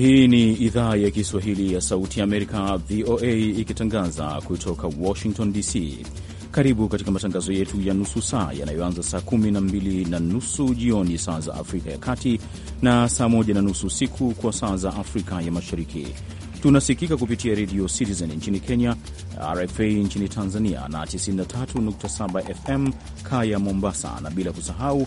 Hii ni idhaa ya Kiswahili ya Sauti ya Amerika, VOA, ikitangaza kutoka Washington DC. Karibu katika matangazo yetu ya nusu saa yanayoanza saa kumi na mbili na nusu jioni saa za Afrika ya Kati na saa moja na nusu usiku kwa saa za Afrika ya Mashariki. Tunasikika kupitia redio Citizen nchini Kenya, RFA nchini Tanzania na 93.7 FM kaya Mombasa, na bila kusahau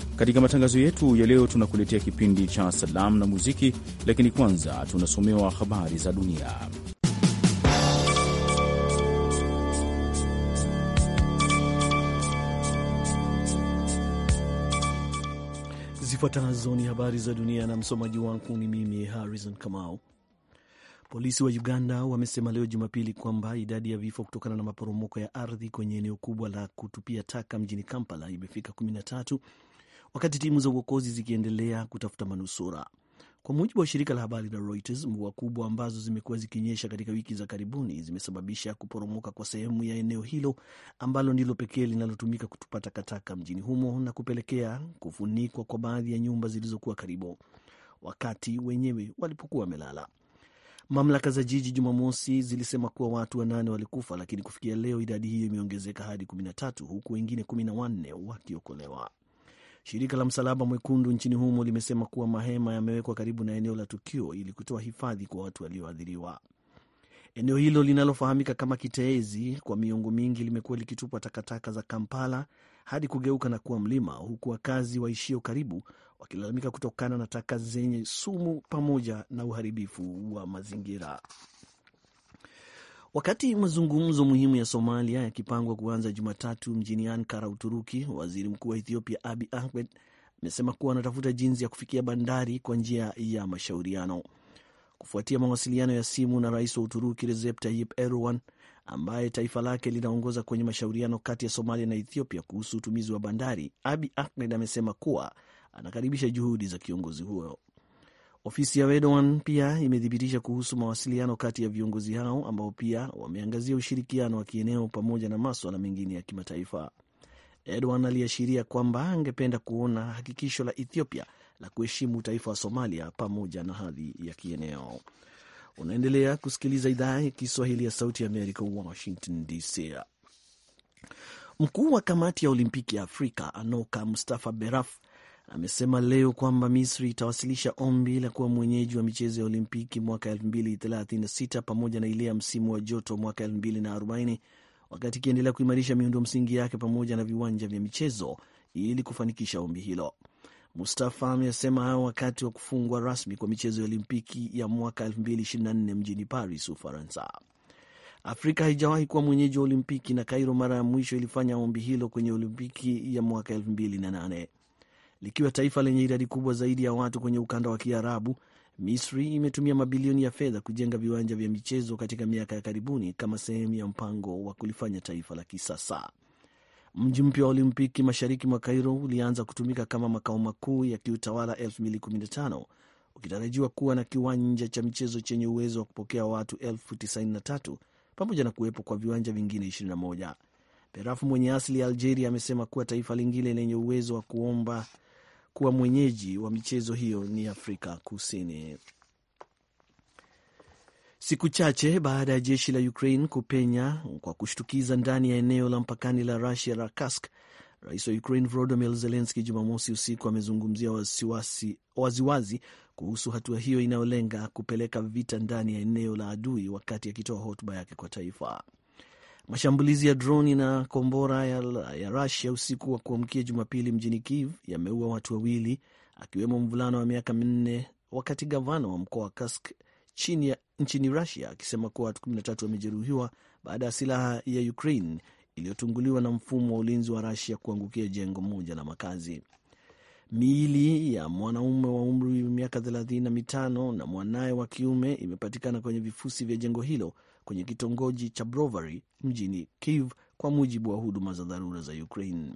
Katika matangazo yetu ya leo, tunakuletea kipindi cha salamu na muziki, lakini kwanza tunasomewa habari za dunia. Zifuatazo ni habari za dunia na msomaji wangu ni mimi Harrison Kamau. Polisi wa Uganda wamesema leo Jumapili kwamba idadi ya vifo kutokana na maporomoko ya ardhi kwenye eneo kubwa la kutupia taka mjini Kampala imefika 13 wakati timu za uokozi zikiendelea kutafuta manusura. Kwa mujibu wa shirika la habari la Reuters, mvua kubwa ambazo zimekuwa zikinyesha katika wiki za karibuni zimesababisha kuporomoka kwa sehemu ya eneo hilo ambalo ndilo pekee linalotumika kutupa takataka mjini humo na kupelekea kufunikwa kwa baadhi ya nyumba zilizokuwa karibu wakati wenyewe walipokuwa wamelala. Mamlaka za jiji Jumamosi zilisema kuwa watu wanane walikufa, lakini kufikia leo idadi hiyo imeongezeka hadi tatu huku wengine wanne wakiokolewa. Shirika la Msalaba Mwekundu nchini humo limesema kuwa mahema yamewekwa karibu na eneo la tukio ili kutoa hifadhi kwa watu walioathiriwa. Eneo hilo linalofahamika kama Kiteezi kwa miongo mingi limekuwa likitupwa takataka za Kampala hadi kugeuka na kuwa mlima, huku wakazi waishio karibu wakilalamika kutokana na taka zenye sumu pamoja na uharibifu wa mazingira. Wakati mazungumzo muhimu ya Somalia yakipangwa kuanza Jumatatu mjini Ankara, Uturuki, waziri mkuu wa Ethiopia Abi Ahmed amesema kuwa anatafuta jinsi ya kufikia bandari kwa njia ya mashauriano kufuatia mawasiliano ya simu na rais wa Uturuki Recep Tayyip Erdogan ambaye taifa lake linaongoza kwenye mashauriano kati ya Somalia na Ethiopia kuhusu utumizi wa bandari. Abi Ahmed amesema kuwa anakaribisha juhudi za kiongozi huyo. Ofisi ya Erdogan pia imethibitisha kuhusu mawasiliano kati ya viongozi hao ambao pia wameangazia ushirikiano wa kieneo pamoja na maswala mengine ya kimataifa. Erdogan aliashiria kwamba angependa kuona hakikisho la Ethiopia la kuheshimu taifa wa Somalia pamoja na hadhi ya kieneo. Unaendelea kusikiliza idhaa ya Kiswahili ya Sauti ya Amerika, Washington DC. Mkuu wa kamati ya Olimpiki ya Afrika Anoka Mustafa Beraf amesema leo kwamba Misri itawasilisha ombi la kuwa mwenyeji wa michezo ya Olimpiki mwaka 2036 pamoja na ile ya msimu wa joto mwaka 2040 wakati ikiendelea kuimarisha miundo msingi yake pamoja na viwanja vya michezo ili kufanikisha ombi hilo. Mustafa amesema hayo wakati wa kufungwa rasmi kwa michezo ya Olimpiki ya mwaka 2024 mjini Paris, Ufaransa. Afrika haijawahi kuwa mwenyeji wa Olimpiki na Kairo mara ya mwisho ilifanya ombi hilo kwenye Olimpiki ya mwaka 2008. Likiwa taifa lenye idadi kubwa zaidi ya watu kwenye ukanda wa Kiarabu, Misri imetumia mabilioni ya fedha kujenga viwanja vya michezo katika miaka ya karibuni kama sehemu ya mpango wa kulifanya taifa la kisasa. Mji mpya wa Olimpiki mashariki mwa Kairo ulianza kutumika kama makao makuu ya kiutawala 2015 ukitarajiwa kuwa na kiwanja cha michezo chenye uwezo wa kupokea watu 93 pamoja na kuwepo kwa viwanja vingine 21. Perafu mwenye asili ya Algeria amesema kuwa taifa lingine lenye uwezo wa kuomba kuwa mwenyeji wa michezo hiyo ni Afrika Kusini. Siku chache baada ya jeshi la Ukraine kupenya kwa kushtukiza ndani ya eneo la mpakani la Rusia la Kursk, rais wa Ukraine Volodymyr Zelensky Jumamosi usiku amezungumzia wasiwasi waziwazi kuhusu hatua hiyo inayolenga kupeleka vita ndani ya eneo la adui, wakati akitoa hotuba yake kwa taifa. Mashambulizi ya droni na kombora ya, ya Rusia usiku wa kuamkia Jumapili mjini Kiev yameua watu wawili akiwemo mvulana wa miaka minne, wakati gavana wa mkoa wa Kursk nchini Rusia akisema kuwa watu 13 wamejeruhiwa baada ya silaha ya Ukraine iliyotunguliwa na mfumo wa ulinzi wa Rusia kuangukia jengo moja la makazi. Miili ya mwanaume wa umri wa miaka 35 na mwanaye wa kiume imepatikana kwenye vifusi vya jengo hilo kwenye kitongoji cha Brovary mjini Kiev, kwa mujibu wa huduma za dharura za Ukraine.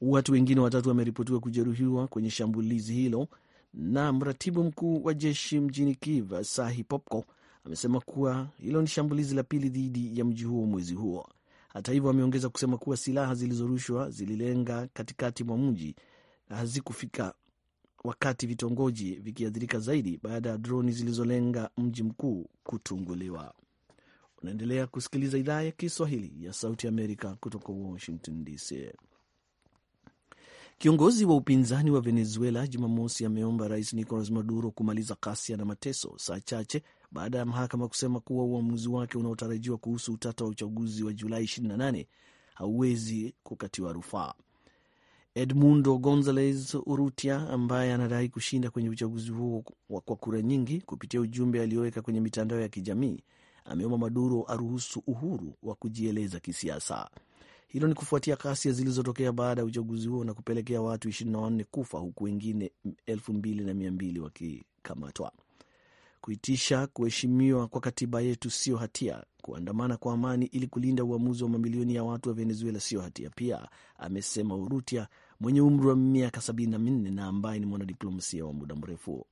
Watu wengine watatu wameripotiwa kujeruhiwa kwenye shambulizi hilo, na mratibu mkuu wa jeshi mjini Kiev Sahi Popko amesema kuwa hilo ni shambulizi la pili dhidi ya mji huo mwezi huo. Hata hivyo, ameongeza kusema kuwa silaha zilizorushwa zililenga katikati mwa mji na hazikufika wakati vitongoji vikiathirika zaidi baada ya droni zilizolenga mji mkuu kutunguliwa. Unaendelea kusikiliza idhaa ya Kiswahili ya Sauti Amerika kutoka Washington DC. Kiongozi wa upinzani wa Venezuela Jumamosi ameomba Rais Nicolas Maduro kumaliza ghasia na mateso, saa chache baada ya mahakama kusema kuwa uamuzi wake unaotarajiwa kuhusu utata wa uchaguzi wa Julai 28 hauwezi kukatiwa rufaa. Edmundo Gonzalez Urrutia ambaye anadai kushinda kwenye uchaguzi huo kwa kura nyingi kupitia ujumbe aliyoweka kwenye mitandao ya kijamii ameomba Maduro aruhusu uhuru wa kujieleza kisiasa. Hilo ni kufuatia ghasia zilizotokea baada ya uchaguzi huo na kupelekea watu 24 kufa huku wengine 2200 wakikamatwa. Kuitisha kuheshimiwa kwa katiba yetu sio hatia. Kuandamana kwa amani ili kulinda uamuzi wa mamilioni ya watu wa Venezuela sio hatia pia, amesema Urrutia mwenye umri wa miaka 74 na ambaye ni mwanadiplomasia wa muda mrefu.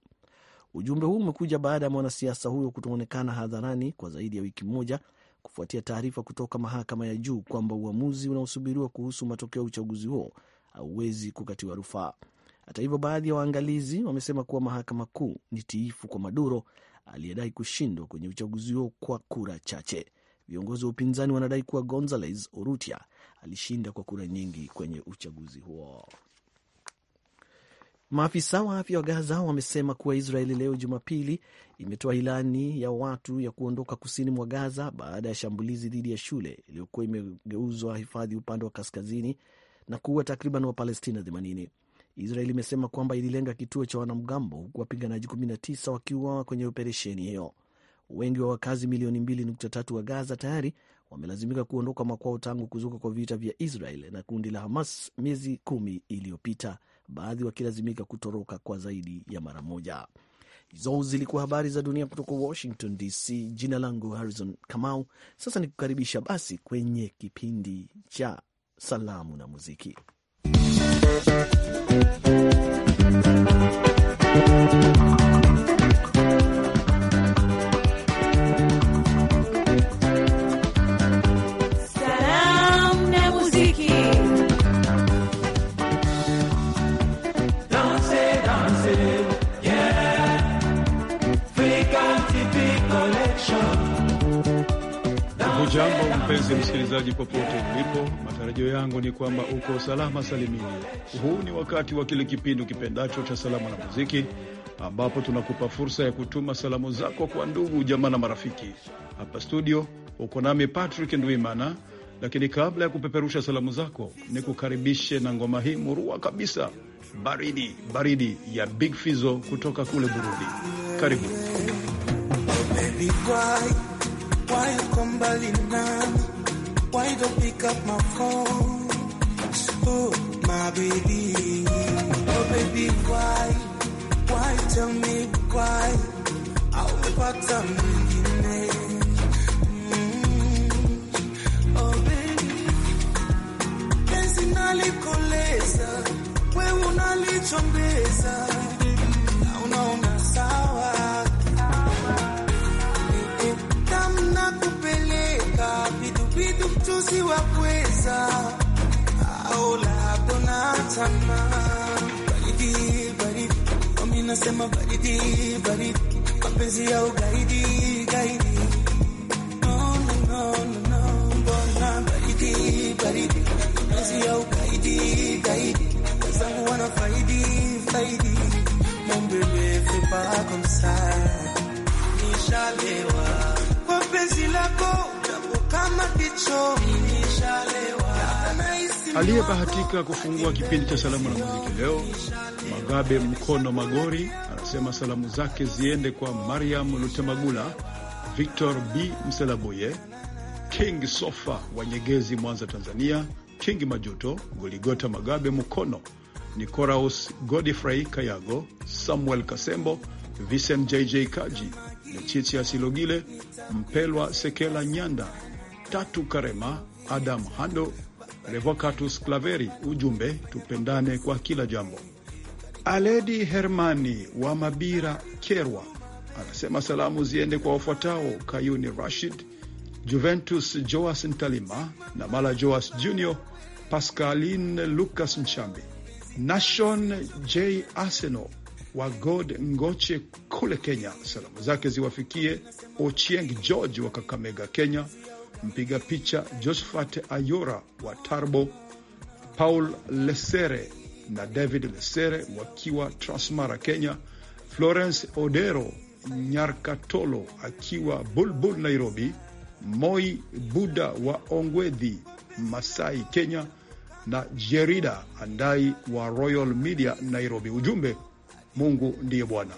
Ujumbe huu umekuja baada ya mwanasiasa huyo kutoonekana hadharani kwa zaidi ya wiki moja kufuatia taarifa kutoka mahakama ya juu kwamba uamuzi unaosubiriwa kuhusu matokeo ya uchaguzi huo hauwezi kukatiwa rufaa. Hata hivyo, baadhi ya waangalizi wamesema kuwa mahakama kuu ni tiifu kwa Maduro aliyedai kushindwa kwenye uchaguzi huo kwa kura chache. Viongozi wa upinzani wanadai kuwa Gonzales Urrutia alishinda kwa kura nyingi kwenye uchaguzi huo. Maafisa wa afya wa Gaza wamesema kuwa Israeli leo Jumapili imetoa ilani ya watu ya kuondoka kusini mwa Gaza baada ya shambulizi dhidi ya shule iliyokuwa imegeuzwa hifadhi upande wa kaskazini na kuua takriban Wapalestina 80. Israeli imesema kwamba ililenga kituo cha wanamgambo huku wapiganaji 19 wakiuawa kwenye operesheni hiyo. Wengi wa wakazi milioni 2.3 wa Gaza tayari wamelazimika kuondoka makwao tangu kuzuka kwa vita vya Israel na kundi la Hamas miezi kumi iliyopita baadhi wakilazimika kutoroka kwa zaidi ya mara moja. Hizo zilikuwa habari za dunia kutoka Washington DC. Jina langu Harrison Kamau. Sasa ni kukaribisha basi kwenye kipindi cha salamu na muziki Mpenzi msikilizaji, popote ulipo, matarajio yangu ni kwamba uko salama salimini. Huu ni wakati wa kile kipindi kipendacho cha salamu na muziki, ambapo tunakupa fursa ya kutuma salamu zako kwa ndugu, jamaa na marafiki. Hapa studio uko nami Patrick Ndwimana, lakini kabla ya kupeperusha salamu zako, nikukaribishe na ngoma hii murua kabisa, baridi baridi ya Big Fizo kutoka kule Burundi. Karibu. Why you come mbali nami? Why you don't pick up my phone? Oh, my baby. Oh, baby, why? Why you tell me why? Aupata mwingine. Mm. Oh, baby. Penzi nalikoleza, wewe unalichombeza. Na unaona sawa. ujuzi au labda na tamaa. Baridi baridi, mimi nasema baridi baridi, mapenzi ya ugaidi gaidi. No, no, no, mbona baridi baridi, mapenzi ya ugaidi gaidi, faidi, nishalewa kwa penzi lako Aliyebahatika kufungua kipindi cha salamu na muziki leo, Magabe Mkono Magori, anasema salamu zake ziende kwa Mariam Lutemagula, Victor B Mselabuye, King Sofa wa Nyegezi, Mwanza, Tanzania, King Majuto, Goligota Magabe Mkono, Nicoraus godifrey Kayago, Samuel Kasembo, Vincent JJ Kaji, Lechichi Asilogile, Mpelwa Sekela Nyanda Tatu Karema, Adam Hando, Revocatus Claveri. Ujumbe, tupendane kwa kila jambo. Aledi Hermani wa Mabira, Kerwa, anasema salamu ziende kwa wafuatao: Kayuni Rashid, Juventus Joas Ntalima na Mala Joas Junior, Pascaline Lucas Nchambi, Nashon J Arsenal wa God Ngoche kule Kenya. Salamu zake ziwafikie Ochieng George wa Kakamega, Kenya, mpiga picha Josphat Ayora wa Tarbo, Paul Lesere na David Lesere wakiwa Transmara Kenya, Florence Odero Nyarkatolo akiwa Bulbul Nairobi, Moi Buda wa Ongwedhi Masai Kenya na Jerida Andai wa Royal Media Nairobi. Ujumbe, Mungu ndiye Bwana.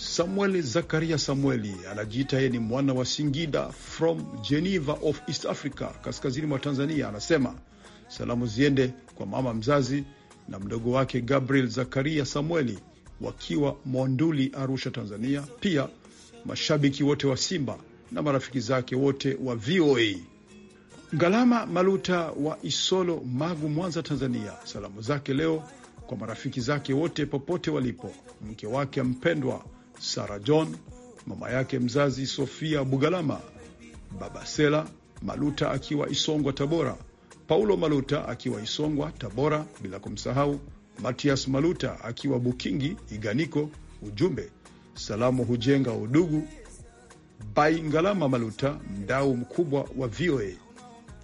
Samueli Zakaria Samueli anajiita yeye ni mwana wa Singida from Geneva of East Africa, kaskazini mwa Tanzania. Anasema salamu ziende kwa mama mzazi na mdogo wake Gabriel Zakaria Samueli wakiwa Monduli, Arusha, Tanzania. Pia mashabiki wote wa Simba na marafiki zake wote wa VOA. Ngalama Maluta wa Isolo, Magu, Mwanza, Tanzania, salamu zake leo kwa marafiki zake wote popote walipo, mke wake mpendwa sara John, mama yake mzazi Sofia Bugalama, baba Sela Maluta akiwa Isongwa Tabora, Paulo Maluta akiwa Isongwa Tabora, bila kumsahau Matias Maluta akiwa Bukingi Iganiko. Ujumbe, salamu hujenga udugu. Baingalama Maluta, mdau mkubwa wa VOA.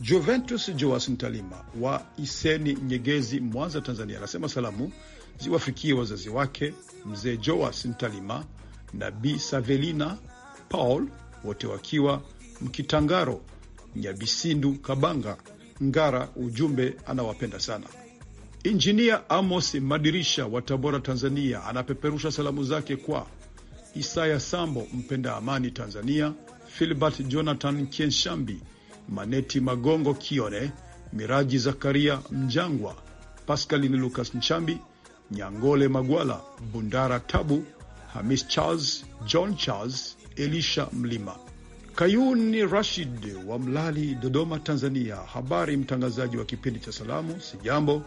Juventus Joas Ntalima wa Iseni Nyegezi, Mwanza, Tanzania, anasema salamu ziwafikie wazazi wake mzee Joas Ntalima, na Bi Savelina Paul, wote wakiwa Mkitangaro, Nyabisindu, Kabanga, Ngara. Ujumbe anawapenda sana. Injinia Amos Madirisha wa Tabora, Tanzania, anapeperusha salamu zake kwa Isaya Sambo, mpenda amani Tanzania, Filbert Jonathan Kienshambi, Maneti Magongo Kione, Miraji Zakaria Mjangwa, Pascaline Lucas Nchambi, Nyangole Magwala, Bundara Tabu, Hamis uh, Charles, John Charles, Elisha Mlima. Kayuni Rashid wa Mlali, Dodoma, Tanzania. Habari mtangazaji wa kipindi cha salamu, si jambo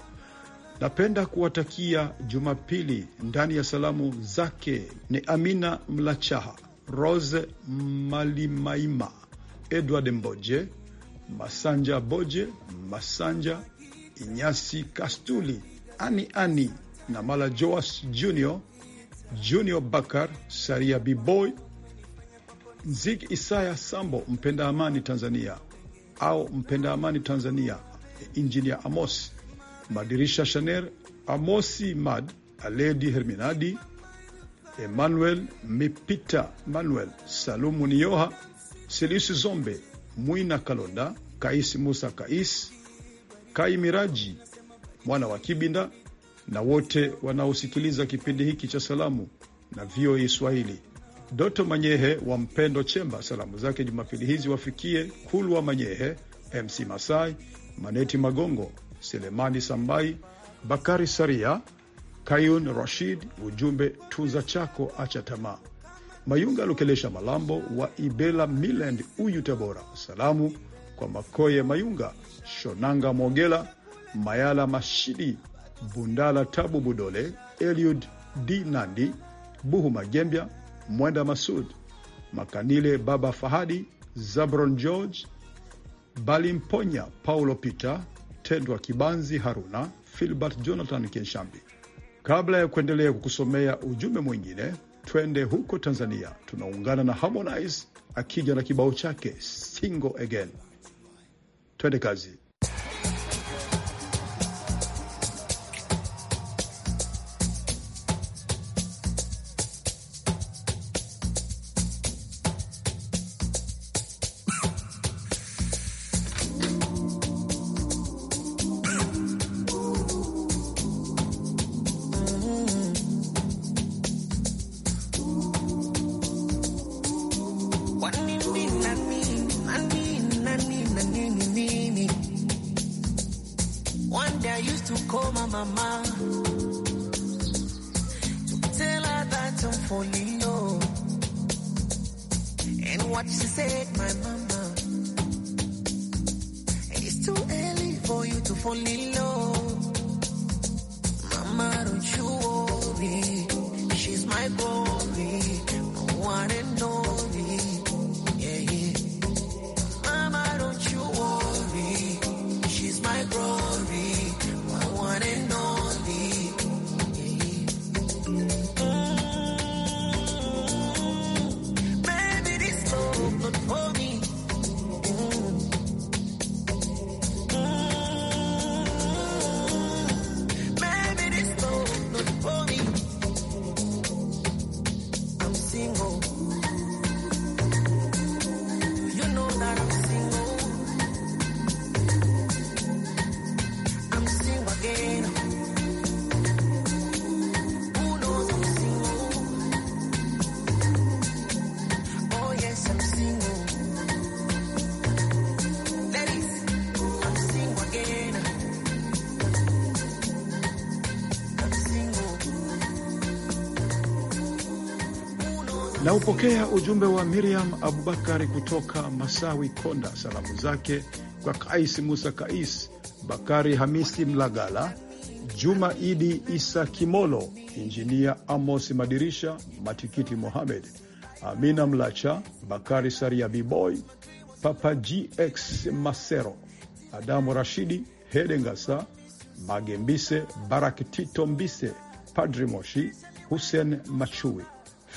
Napenda kuwatakia Jumapili. Ndani ya salamu zake ni Amina Mlachaha, Rose Malimaima, Edward Mboje, Masanja Boje, Masanja Inyasi, Kastuli, Ani Ani na Mala Joas Junior Junior Bakar Saria, Biboy Zig Isaya Sambo, Mpenda Amani Tanzania au Mpenda Amani Tanzania, Injinia Amos Madirisha, Shaner Amosi, Mad Aledi, Herminadi Emmanuel Mipita, Manuel Salumu, Nioha selisi Zombe Mwina, Kalonda Kais, Musa Kais Kai Miraji mwana wa Kibinda na wote wanaosikiliza kipindi hiki cha salamu na VOA Swahili. Doto Manyehe wa Mpendo Chemba, salamu zake Jumapili hizi wafikie Kulwa Manyehe, MC Masai, Maneti Magongo, Selemani Sambai, Bakari Saria, Kayun Rashid. Ujumbe tunza chako, acha tamaa. Mayunga Lukelesha Malambo wa Ibela Miland, Uyu Tabora, salamu kwa Makoye Mayunga, Shonanga Mogela, Mayala Mashidi Bundala Tabu Budole, Eliud D Nandi, Buhu Magembya, Mwenda Masud, Makanile Baba Fahadi, Zabron George, Balimponya, Paulo Peter, Tendwa Kibanzi, Haruna Filbert, Jonathan Kenshambi. Kabla ya kuendelea kukusomea ujumbe mwingine, twende huko Tanzania. Tunaungana na Harmonize akija na kibao chake Single Again. Twende kazi. tukoma mama tell her that I'm falling love, and what she said my mama it's too early for you to fall in love mama don't you worry she's my boy Naupokea ujumbe wa Miriam Abubakari kutoka Masawi Konda, salamu zake kwa Kais Musa Kais, Bakari Hamisi Mlagala, Juma Idi Isa Kimolo, Injinia Amos Madirisha, Matikiti Mohamed, Amina Mlacha, Bakari Saria, Biboy Papa GX Masero, Adamu Rashidi, Hedengasa Magembise, Barak Tito Mbise, Padri Moshi, Hussein Machui.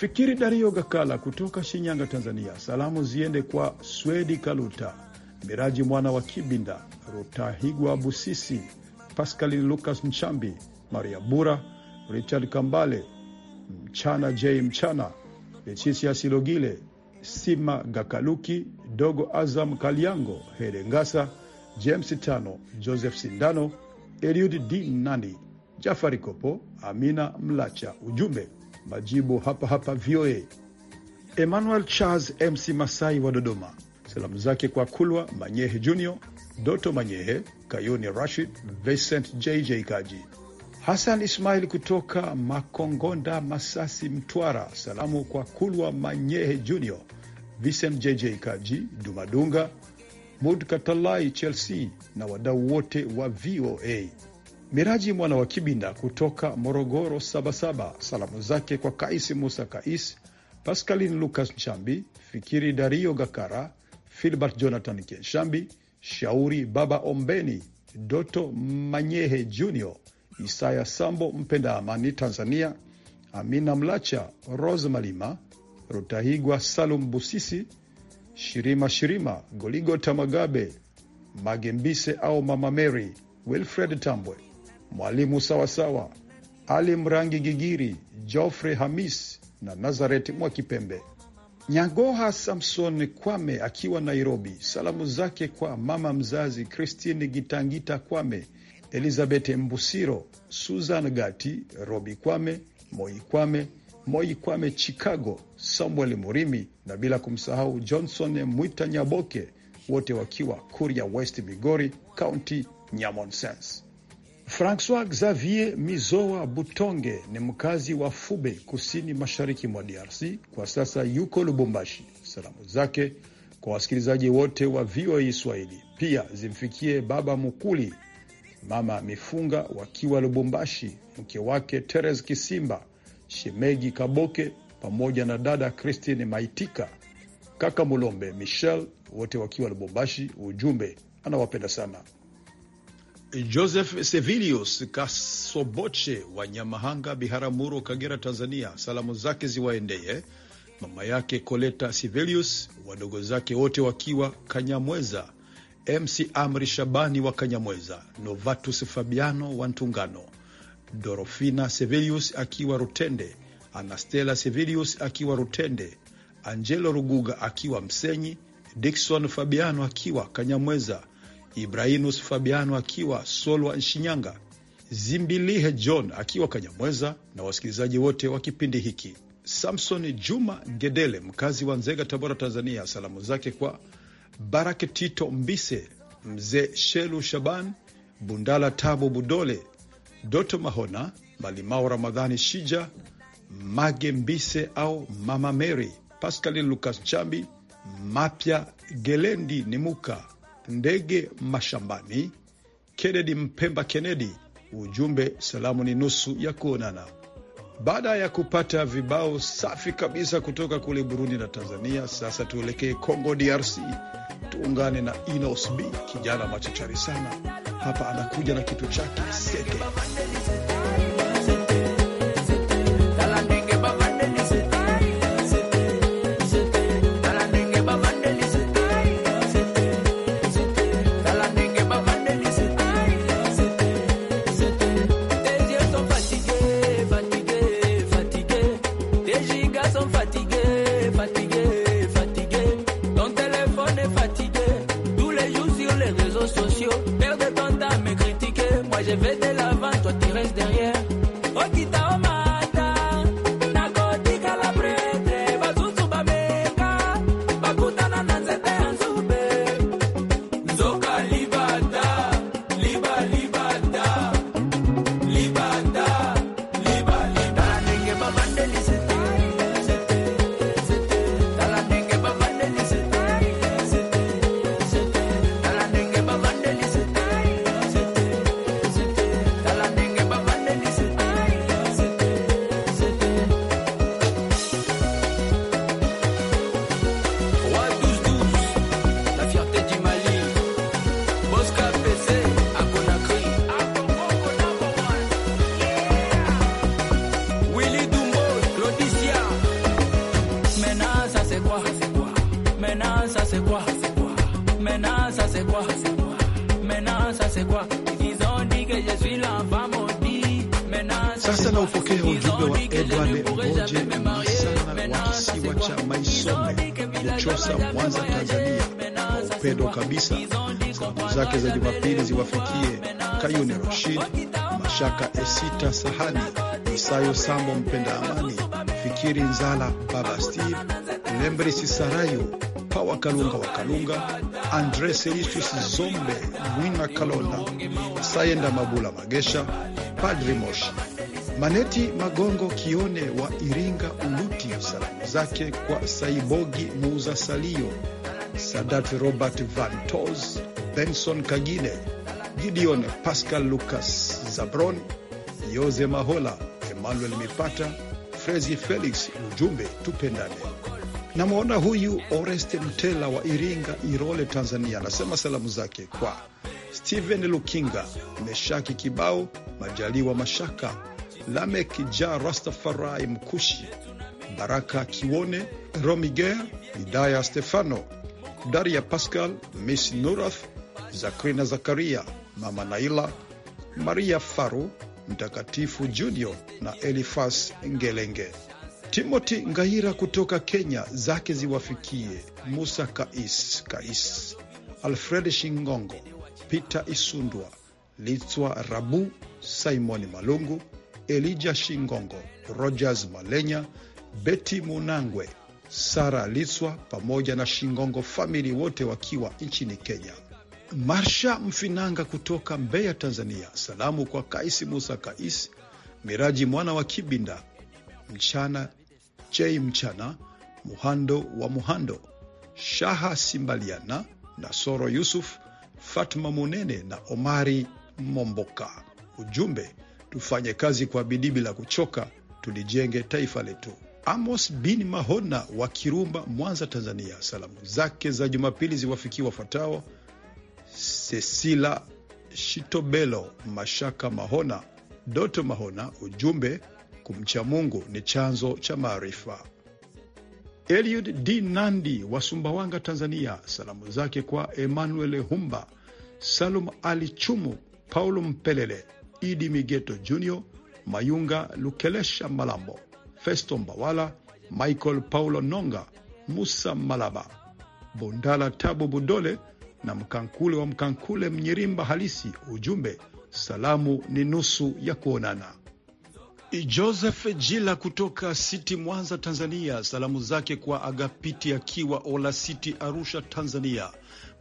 Fikiri Dario Gakala kutoka Shinyanga, Tanzania. Salamu ziende kwa Swedi Kaluta, Miraji mwana wa Kibinda, Rutahigwa Busisi, Paskali Lukas Mchambi, Maria Bura, Richard Kambale, Mchana J Mchana, Leticia Silogile, Sima Gakaluki, Dogo Azam Kaliango, Herengasa, James Tano, Joseph Sindano, Eliud D Nani, Jafari Kopo, Amina Mlacha. Ujumbe Majibu hapa hapa VOA. Emmanuel Charles MC Masai wa Dodoma, salamu zake kwa Kulwa Manyehe Junior, Doto Manyehe, Kayuni Rashid, Vincent JJ Kaji, Hasan Ismail kutoka Makongonda, Masasi, Mtwara. Salamu kwa Kulwa Manyehe Junior, Vincent JJ Kaji, Dumadunga Mud Katalai, Chelsea na wadau wote wa VOA. Miraji mwana wa Kibinda kutoka Morogoro Sabasaba, salamu zake kwa Kaisi Musa Kais, pascalin Lucas Nchambi, Fikiri Dario Gakara, Filbert Jonathan Kenshambi, Shauri Baba Ombeni, Doto Manyehe Junior, Isaya Sambo mpenda amani Tanzania, Amina Mlacha, Rose Malima, Rutahigwa Salum Busisi, Shirima Shirima, Goligota Magabe, Magembise au Mama Mary, Wilfred Tambwe Mwalimu Sawasawa, Ali Mrangi Gigiri, Geoffrey Hamis na Nazaret Mwakipembe. Nyagoha Samson Kwame akiwa Nairobi, salamu zake kwa mama mzazi Christine Gitangita Kwame, Elizabeth Mbusiro, Susan Gati, Robi Kwame, Moi Kwame, Moi Kwame Chicago, Samuel Murimi na bila kumsahau Johnson Mwita Nyaboke, wote wakiwa Kuria West, Migori County, Nyamonsense. Francois Xavier Mizoa Butonge ni mkazi wa Fube, kusini mashariki mwa DRC. Kwa sasa yuko Lubumbashi. Salamu zake kwa wasikilizaji wote wa VOA e Swahili pia zimfikie Baba Mukuli, Mama Mifunga wakiwa Lubumbashi, mke wake Teres Kisimba, shemegi Kaboke pamoja na dada Christine Maitika, kaka Mulombe Michel, wote wakiwa Lubumbashi. Ujumbe, anawapenda sana. Joseph Sevilius Kasoboche wa Nyamahanga, Biharamulo, Kagera, Tanzania, salamu zake ziwaendeye mama yake Koleta Sevilius, wadogo zake wote wakiwa Kanyamweza, MC Amri Shabani wa Kanyamweza, Novatus Fabiano wa Ntungano, Dorofina Sevilius akiwa Rutende, Anastela Sevilius akiwa Rutende, Angelo Ruguga akiwa Msenyi, Dikson Fabiano akiwa Kanyamweza, Ibrahinus Fabiano akiwa Solwa Nshinyanga, Zimbilihe John akiwa Kanyamweza na wasikilizaji wote wa kipindi hiki. Samson Juma Gedele mkazi wa Nzega, Tabora, Tanzania, salamu zake kwa Barake Tito Mbise, mzee Shelu Shaban Bundala, Tabu Budole, Doto Mahona, Malimao Ramadhani Shija, Mage Mbise au Mama Mary, paskali Lukas Chambi, Mapya Gelendi Nimuka ndege mashambani. Kennedy Mpemba Kennedy, ujumbe salamu ni nusu ya kuonana. Baada ya kupata vibao safi kabisa kutoka kule Burundi na Tanzania, sasa tuelekee Congo DRC, tuungane na Inosb, kijana machachari sana hapa, anakuja na kitu chake seke zake za Jumapili ziwafikie Kayuni Rashid, Mashaka Esita Sahani, Isayo Sambo, Mpenda Amani, Fikiri Nzala, Baba Steve Lembrisi Sarayo, Pawa Kalunga wa Kalunga, Andre selistus Zombe, Mwina Kalonda, Sayenda Mabula Magesha, Padri Moshi Maneti Magongo Kione wa Iringa Uluti, salamu zake kwa Saibogi muuza salio, Sadat Robert Van Tos Benson Kagine, Gideon Pascal Lucas Zabron, Yose Mahola, Emmanuel Mipata, Frezi Felix Mjumbe, tupendane. Namwona huyu Oreste Mtela wa Iringa, Irole, Tanzania, anasema salamu zake kwa Steven Lukinga, Meshaki Kibao, Majaliwa Mashaka, Lamek Ja, Rastafarai Mkushi, Baraka Kiwone, Romiger Idaya, Stefano Daria Pascal, Miss Norath Zakrina Zakaria, Mama Naila, Maria Faru, Mtakatifu Junior na Elifas Ngelenge. Timothy Ngahira kutoka Kenya zake ziwafikie Musa Kais, Kais Alfred Shingongo, Peter Isundwa, Litswa Rabu, Simon Malungu, Elijah Shingongo, Rogers Malenya, Betty Munangwe, Sara Litswa pamoja na Shingongo famili wote wakiwa nchini Kenya. Marsha Mfinanga kutoka Mbeya, Tanzania. Salamu kwa Kaisi Musa Kais, Miraji mwana wa Kibinda, Mchana Chei, Mchana Muhando wa Muhando, Shaha Simbaliana na Soro Yusuf, Fatma Munene na Omari Momboka. Ujumbe, tufanye kazi kwa bidii bila kuchoka, tulijenge taifa letu. Amos bin Mahona wa Kirumba, Mwanza, Tanzania, salamu zake za Jumapili ziwafikie wafuatao: Sesila Shitobelo Mashaka Mahona Doto Mahona. Ujumbe, kumcha Mungu ni chanzo cha maarifa. Eliud D Nandi wa Sumbawanga, Tanzania, salamu zake kwa Emmanuel Humba, Salum Ali Chumu, Paulo Mpelele, Idi Migeto Junior, Mayunga Lukelesha Malambo, Festo Mbawala, Michael Paulo Nonga, Musa Malaba, Bundala Tabu Budole na mkankule wa mkankule Mnyirimba halisi. Ujumbe salamu ni nusu ya kuonana. Joseph Jila kutoka City Mwanza, Tanzania, salamu zake kwa Agapiti akiwa Ola City Arusha, Tanzania,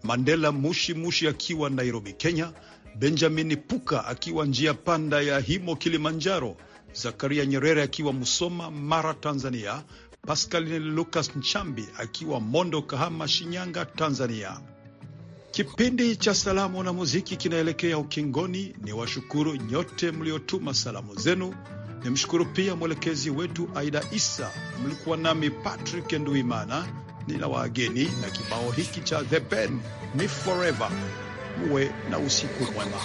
Mandela Mushi Mushi akiwa Nairobi, Kenya, Benjamin Puka akiwa njia panda ya Himo, Kilimanjaro, Zakaria Nyerere akiwa Musoma, Mara, Tanzania, Pascaline Lucas Nchambi akiwa Mondo, Kahama, Shinyanga, Tanzania. Kipindi cha salamu na muziki kinaelekea ukingoni. Ni washukuru nyote mliotuma salamu zenu. Nimshukuru pia mwelekezi wetu Aida Isa. Mlikuwa nami Patrick Nduimana, nina wageni na kibao hiki cha The Ben ni Forever. Muwe na usiku mwema.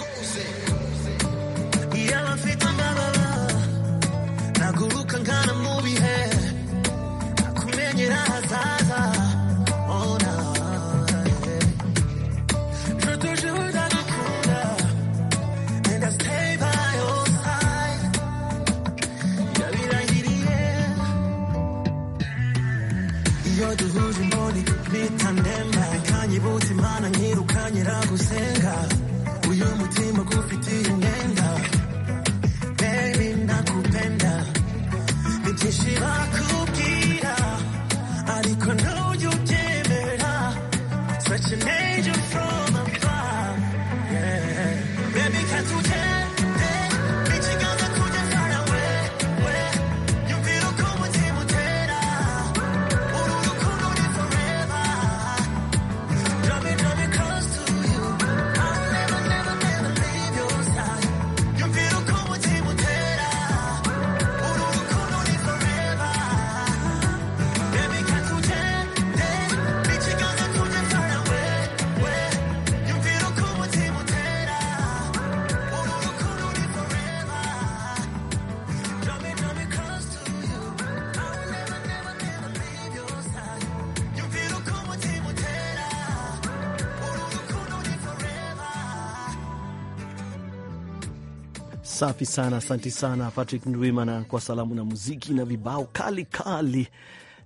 Safi sana, asanti sana Patrick Ndwimana kwa salamu na muziki na vibao kali kali,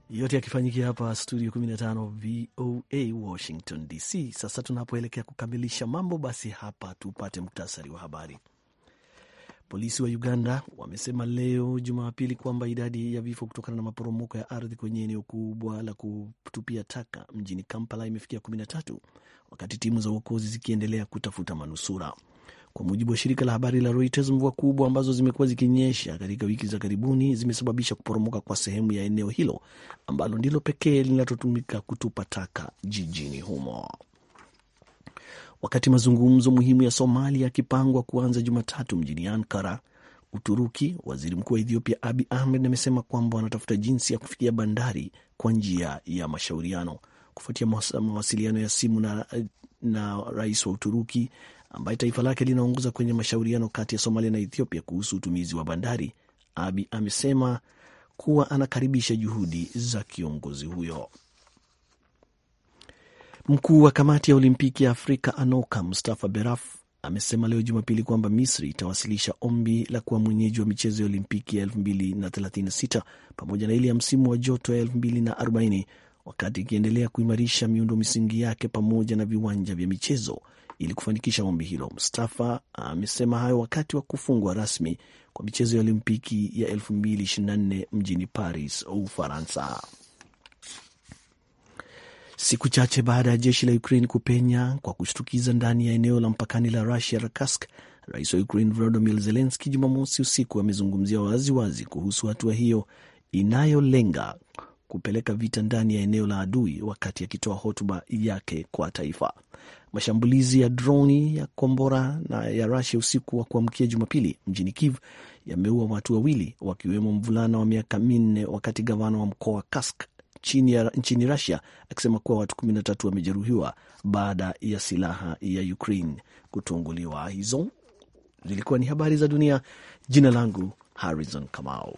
yote yakifanyikia hapa studio 15 VOA Washington DC. Sasa tunapoelekea kukamilisha mambo, basi hapa tupate muktasari wa habari. Polisi wa Uganda wamesema leo Jumapili kwamba idadi ya vifo kutokana na maporomoko ya ardhi kwenye eneo kubwa la kutupia taka mjini Kampala imefikia 13 wakati timu za uokozi zikiendelea kutafuta manusura. Kwa mujibu wa shirika la habari la Reuters, mvua kubwa ambazo zimekuwa zikinyesha katika wiki za karibuni zimesababisha kuporomoka kwa sehemu ya eneo hilo ambalo ndilo pekee linalotumika kutupa taka jijini humo. Wakati mazungumzo muhimu ya Somalia yakipangwa kuanza Jumatatu mjini Ankara, Uturuki, waziri mkuu wa Ethiopia Abi Ahmed amesema kwamba wanatafuta jinsi ya kufikia bandari kwa njia ya mashauriano, kufuatia mawasiliano ya simu na, na rais wa Uturuki ambaye taifa lake linaongoza kwenye mashauriano kati ya Somalia na Ethiopia kuhusu utumizi wa bandari, Abi amesema kuwa anakaribisha juhudi za kiongozi huyo. Mkuu wa kamati ya Olimpiki ya Afrika ANOKA Mustafa Beraf amesema leo Jumapili kwamba Misri itawasilisha ombi la kuwa mwenyeji wa michezo ya Olimpiki ya 2036 pamoja na ile ya msimu wa joto ya 2040 wakati ikiendelea kuimarisha miundo misingi yake pamoja na viwanja vya michezo ili kufanikisha ombi hilo. Mustafa amesema hayo wakati wa kufungwa rasmi kwa michezo ya Olimpiki ya 2024 mjini Paris, Ufaransa. Siku chache baada ya jeshi la Ukraine kupenya kwa kushtukiza ndani ya eneo la mpakani la Rusia la Kursk, rais wa Ukraine Volodymyr Zelenski Jumamosi usiku amezungumzia waziwazi kuhusu hatua hiyo inayolenga kupeleka vita ndani ya eneo la adui wakati akitoa hotuba yake kwa taifa. Mashambulizi ya droni ya kombora na ya Rusia usiku wa kuamkia Jumapili mjini Kiev yameua watu wawili wakiwemo mvulana wa miaka minne, wakati gavana wa mkoa wa Kask nchini Rusia akisema kuwa watu 13 wamejeruhiwa baada ya silaha ya Ukraine kutunguliwa. Hizo zilikuwa ni habari za dunia. Jina langu Harrison Kamau.